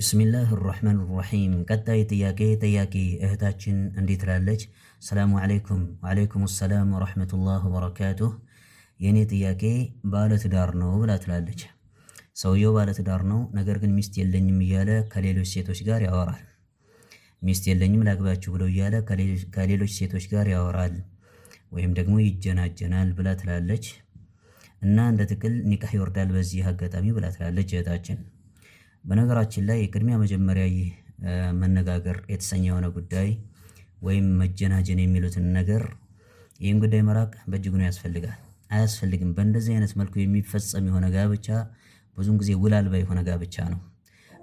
ብስሚላህ ራህማን ራሒም። ቀጣይ ጥያቄ ጠያቂ እህታችን እንዲህ ትላለች፣ ሰላሙ ዓለይኩም። ወዓለይኩም ሰላም ወረሕመቱላህ ወበረካቱሁ። የእኔ ጥያቄ ባለትዳር ነው ብላ ትላለች። ሰውየው ባለትዳር ነው፣ ነገር ግን ሚስት የለኝም እያለ ከሌሎች ሴቶች ጋር ያወራል። ሚስት የለኝም ላግባችሁ ብለው እያለ ከሌሎች ሴቶች ጋር ያወራል ወይም ደግሞ ይጀናጀናል ብላ ትላለች። እና እንደ ጥቅል ኒካህ ይወርዳል በዚህ አጋጣሚ ብላ ትላለች እህታችን በነገራችን ላይ ቅድሚያ መጀመሪያ ይህ መነጋገር የተሰኘ የሆነ ጉዳይ ወይም መጀናጀን የሚሉትን ነገር ይህን ጉዳይ መራቅ በእጅጉ ነው ያስፈልጋል አያስፈልግም። በእንደዚህ አይነት መልኩ የሚፈጸም የሆነ ጋብቻ ብዙን ጊዜ ውል አልባ የሆነ ጋብቻ ነው።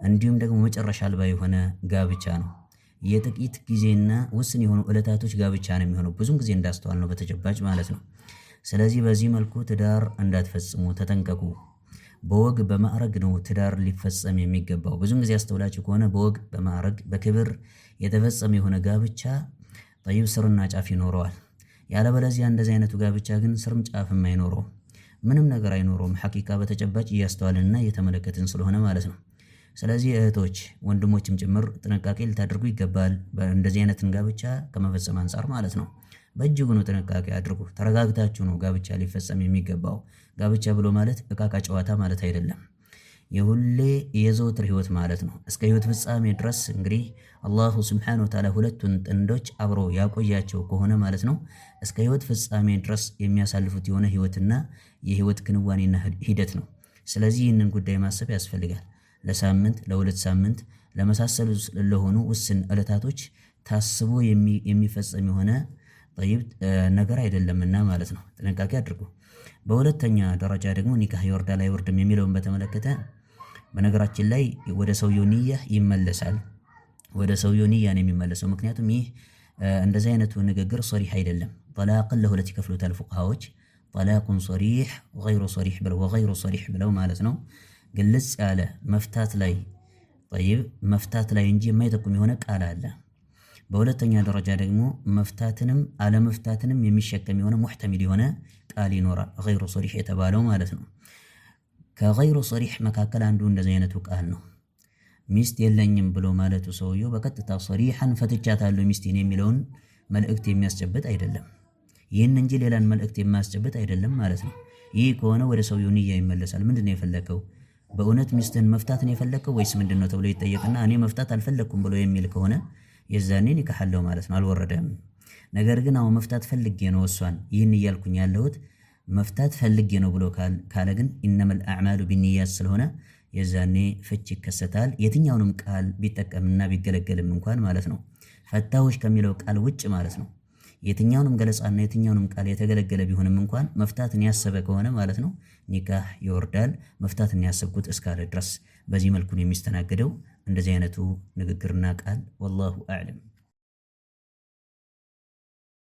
እንዲሁም ደግሞ መጨረሻ አልባ የሆነ ጋብቻ ነው። የጥቂት ጊዜና ውስን የሆኑ እለታቶች ጋብቻ ነው የሚሆነው ብዙን ጊዜ እንዳስተዋል ነው በተጨባጭ ማለት ነው። ስለዚህ በዚህ መልኩ ትዳር እንዳትፈጽሙ ተጠንቀቁ። በወግ በማዕረግ ነው ትዳር ሊፈጸም የሚገባው። ብዙን ጊዜ አስተውላችሁ ከሆነ በወግ በማዕረግ በክብር የተፈጸመ የሆነ ጋብቻ ጠይብ ስርና ጫፍ ይኖረዋል። ያለበለዚያ እንደዚህ አይነቱ ጋብቻ ግን ስርም ጫፍም አይኖረው፣ ምንም ነገር አይኖረውም። ሐቂቃ በተጨባጭ እያስተዋልንና እየተመለከትን ስለሆነ ማለት ነው። ስለዚህ እህቶች ወንድሞችም ጭምር ጥንቃቄ ልታደርጉ ይገባል፣ እንደዚህ አይነትን ጋብቻ ከመፈጸም አንጻር ማለት ነው። በእጅጉኑ ጥንቃቄ አድርጉ። ተረጋግታችሁ ነው ጋብቻ ሊፈጸም የሚገባው። ጋብቻ ብሎ ማለት እቃቃ ጨዋታ ማለት አይደለም። የሁሌ የዘውትር ህይወት ማለት ነው። እስከ ህይወት ፍጻሜ ድረስ እንግዲህ አላሁ ስብሓነሁ ወተዓላ ሁለቱን ጥንዶች አብሮ ያቆያቸው ከሆነ ማለት ነው እስከ ህይወት ፍጻሜ ድረስ የሚያሳልፉት የሆነ ህይወትና የህይወት ክንዋኔና ሂደት ነው። ስለዚህ ይህንን ጉዳይ ማሰብ ያስፈልጋል። ለሳምንት፣ ለሁለት ሳምንት ለመሳሰሉ ለሆኑ ውስን ዕለታቶች ታስቦ የሚፈጸም የሆነ ጠይብ ነገር አይደለምና ማለት ነው። ጥንቃቄ አድርጉ። በሁለተኛ ደረጃ ደግሞ ኒካህ ይወርዳል አይወርድም የሚለውን በተመለከተ በነገራችን ላይ ወደ ሰውየው ንያ ይመለሳል። ወደ ሰውየው ንያ ነው የሚመለሰው። ምክንያቱም ይህ እንደዚህ አይነቱ ንግግር ሶሪሕ አይደለም። ጠላቅን ለሁለት ይከፍሉታል ፉቅሃዎች። ጠላቁን ሶሪሕ ወገይሩ ሶሪሕ ብለው ወገይሩ ሶሪሕ ብለው ማለት ነው። ግልጽ ያለ መፍታት ላይ ጠይብ መፍታት ላይ እንጂ የማይጠቁም የሆነ ቃል አለ በሁለተኛ ደረጃ ደግሞ መፍታትንም አለመፍታትንም የሚሸከም የሆነ ሙሕተሚል የሆነ ቃል ይኖራል። ገይሩ ሰሪሕ የተባለው ማለት ነው። ከገይሩ ሰሪሕ መካከል አንዱ እንደዚህ አይነቱ ቃል ነው። ሚስት የለኝም ብሎ ማለቱ ሰውየው በቀጥታ ሰሪሐን ፈትቻታለሁ ሚስቴን የሚለውን መልእክት የሚያስጨብጥ አይደለም። ይህን እንጂ ሌላን መልእክት የማያስጨብጥ አይደለም ማለት ነው። ይህ ከሆነ ወደ ሰውየው ንያ ይመለሳል። ምንድነው የፈለከው? በእውነት ሚስትን መፍታት ነው የፈለከው ወይስ ምንድን ነው ተብሎ ይጠየቅና እኔ መፍታት አልፈለግኩም ብሎ የሚል ከሆነ የዛኔ ኒካሃለሁ ማለት ነው። አልወረደም። ነገር ግን አሁን መፍታት ፈልጌ ነው እሷን ይህን እያልኩኝ ያለሁት መፍታት ፈልጌ ነው ብሎ ካለ ግን ኢነመል አዕማሉ ቢንያት ስለሆነ የዛኔ ፍች ይከሰታል። የትኛውንም ቃል ቢጠቀምና ቢገለገልም እንኳን ማለት ነው ፈታዎች ከሚለው ቃል ውጭ ማለት ነው። የትኛውንም ገለጻና የትኛውንም ቃል የተገለገለ ቢሆንም እንኳን መፍታትን ያሰበ ከሆነ ማለት ነው ኒካህ ይወርዳል። መፍታትን ያሰብኩት እስካለ ድረስ በዚህ መልኩ ነው የሚስተናገደው። እንደዚህ አይነቱ ንግግርና ቃል ወላሁ አዕለም።